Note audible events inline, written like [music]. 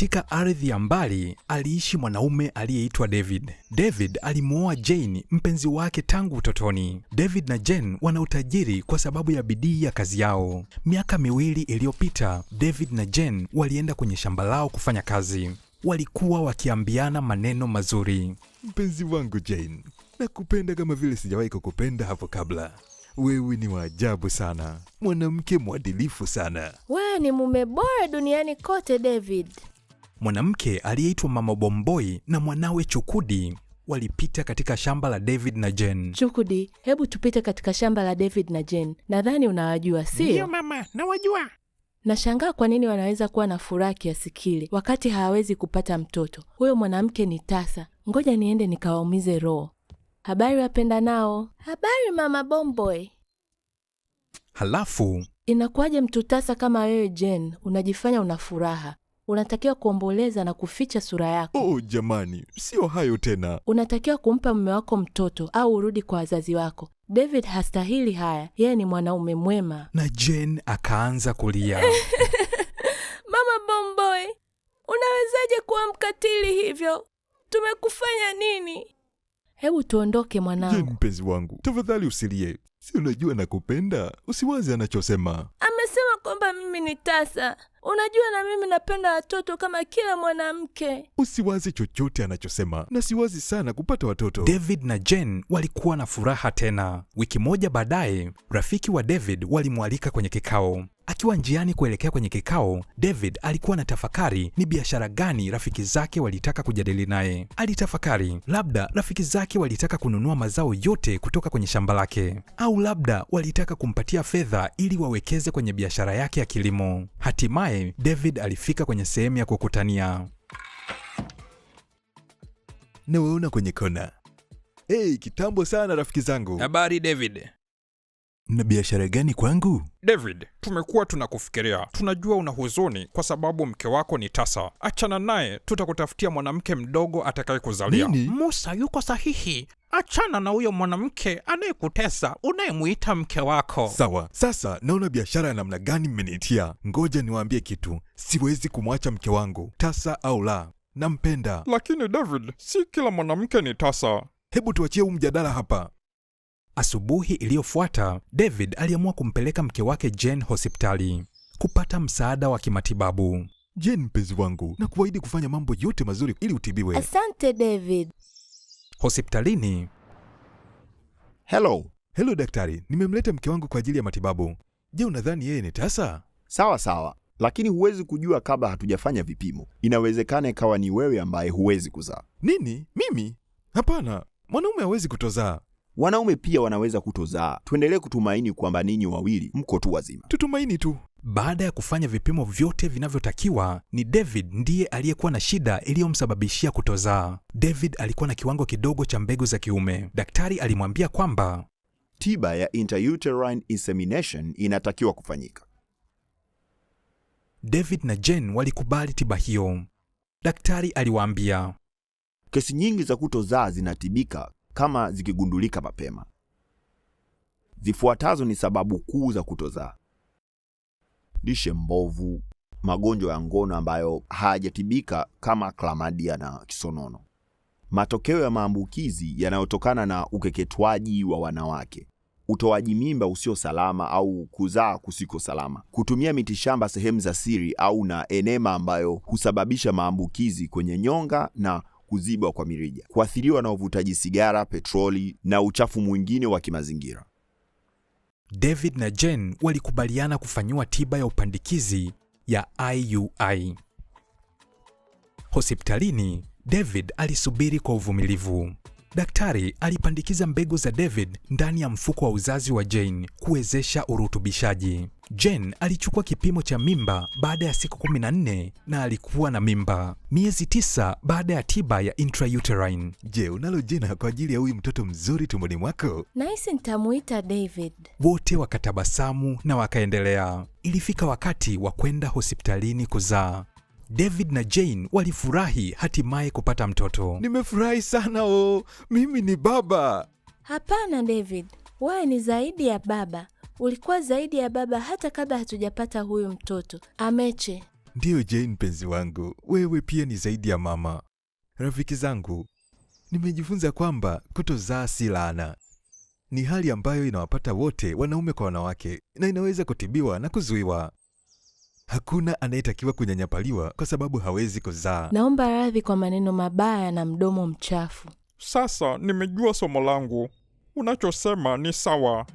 Katika ardhi ya mbali aliishi mwanaume aliyeitwa David. David alimwoa Jane, mpenzi wake tangu utotoni. David na Jane wana utajiri kwa sababu ya bidii ya kazi yao. Miaka miwili iliyopita, David na Jane walienda kwenye shamba lao kufanya kazi. Walikuwa wakiambiana maneno mazuri. Mpenzi wangu Jane, nakupenda kama vile sijawahi kukupenda hapo kabla. Wewe ni wa ajabu sana, mwanamke mwadilifu sana. Wewe ni mume bora duniani kote David. Mwanamke aliyeitwa Mama Bomboi na mwanawe Chukudi walipita katika shamba la David na Jen. Chukudi, hebu tupite katika shamba la David na Jen. Nadhani unawajua, sio? Ndio mama, nawajua. Nashangaa kwa nini wanaweza kuwa na furaha kiasi kile wakati hawawezi kupata mtoto. Huyo mwanamke ni tasa. Ngoja niende nikawaumize roho. Habari wapenda nao. Habari mama Bomboi. Halafu inakuwaje mtu tasa kama wewe Jen unajifanya una furaha unatakiwa kuomboleza na kuficha sura yako. Oh, jamani, sio hayo tena. Unatakiwa kumpa mume wako mtoto au urudi kwa wazazi wako. David hastahili haya, yeye ni mwanaume mwema. Na Jane akaanza kulia. [laughs] Mama bomboy unawezaje kuwa mkatili hivyo? Tumekufanya nini? Hebu tuondoke mwanangu. Jane, mpenzi wangu, tafadhali usilie, si unajua nakupenda, usiwaze anachosema mimi ni tasa. Unajua, na mimi napenda watoto kama kila mwanamke. Usiwazi chochote anachosema, na siwazi sana kupata watoto. David na Jen walikuwa na furaha tena. Wiki moja baadaye, rafiki wa David walimwalika kwenye kikao. Akiwa njiani kuelekea kwenye kikao, David alikuwa na tafakari ni biashara gani rafiki zake walitaka kujadili naye. Alitafakari labda rafiki zake walitaka kununua mazao yote kutoka kwenye shamba lake, au labda walitaka kumpatia fedha ili wawekeze kwenye biashara yake ya kilimo. Hatimaye David alifika kwenye sehemu ya kukutania nawaona kwenye kona. Hey, kitambo sana rafiki zangu. Habari David na biashara gani kwangu? David, tumekuwa tunakufikiria. Tunajua una huzuni kwa sababu mke wako ni tasa. Achana naye, tutakutafutia mwanamke mdogo atakayekuzalia. Musa yuko sahihi. Achana na huyo mwanamke anayekutesa unayemuita mke wako. Sawa, sasa naona biashara ya namna gani mmenitia. Ngoja niwaambie kitu, siwezi kumwacha mke wangu, tasa au la, nampenda. Lakini David, si kila mwanamke ni tasa. Hebu tuachie huu mjadala hapa. Asubuhi iliyofuata, David aliamua kumpeleka mke wake Jane hospitali kupata msaada wa kimatibabu. Jane, mpenzi wangu, na kuahidi kufanya mambo yote mazuri ili utibiwe. Asante David. Hospitalini. Hello. Hello daktari, nimemleta mke wangu kwa ajili ya matibabu. Je, unadhani yeye ni tasa? Sawa sawa, lakini huwezi kujua kabla hatujafanya vipimo. Inawezekana ikawa ni wewe ambaye huwezi kuzaa. Nini? Mimi? Hapana, mwanaume hawezi kutozaa. Wanaume pia wanaweza kutozaa. Tuendelee kutumaini kwamba ninyi wawili mko tu wazima. Tutumaini tu. Baada ya kufanya vipimo vyote vinavyotakiwa, ni David ndiye aliyekuwa na shida iliyomsababishia kutozaa. David alikuwa na kiwango kidogo cha mbegu za kiume. Daktari alimwambia kwamba tiba ya intrauterine insemination inatakiwa kufanyika. David na Jane walikubali tiba hiyo. Daktari aliwaambia, kesi nyingi za kutozaa zinatibika kama zikigundulika mapema. Zifuatazo ni sababu kuu za kutozaa: lishe mbovu, magonjwa ya ngono ambayo hayajatibika kama klamadia na kisonono, matokeo ya maambukizi yanayotokana na ukeketwaji wa wanawake, utoaji mimba usio salama au kuzaa kusiko salama, kutumia mitishamba sehemu za siri au na enema ambayo husababisha maambukizi kwenye nyonga na kuzibwa kwa mirija, kuathiriwa na uvutaji sigara, petroli na uchafu mwingine wa kimazingira. David na Jen walikubaliana kufanyiwa tiba ya upandikizi ya IUI. Hospitalini, David alisubiri kwa uvumilivu. Daktari alipandikiza mbegu za David ndani ya mfuko wa uzazi wa Jane kuwezesha urutubishaji. Jane alichukua kipimo cha mimba baada ya siku 14 na alikuwa na mimba miezi tisa baada ya tiba ya intrauterine. Je, unalo jina kwa ajili ya huyu mtoto mzuri tumboni mwako? Nahisi nitamuita David. Wote wakatabasamu na wakaendelea. Ilifika wakati wa kwenda hospitalini kuzaa. David na Jane walifurahi hatimaye kupata mtoto. Nimefurahi sana o, oh. mimi ni baba. Hapana David, wewe ni zaidi ya baba. Ulikuwa zaidi ya baba hata kabla hatujapata huyu mtoto. Ameche. Ndiyo Jane, mpenzi wangu, wewe pia ni zaidi ya mama. Rafiki zangu, nimejifunza kwamba kutozaa si laana, ni hali ambayo inawapata wote, wanaume kwa wanawake, na inaweza kutibiwa na kuzuiwa. Hakuna anayetakiwa kunyanyapaliwa kwa sababu hawezi kuzaa. Naomba radhi kwa maneno mabaya na mdomo mchafu. Sasa nimejua somo langu. Unachosema ni sawa.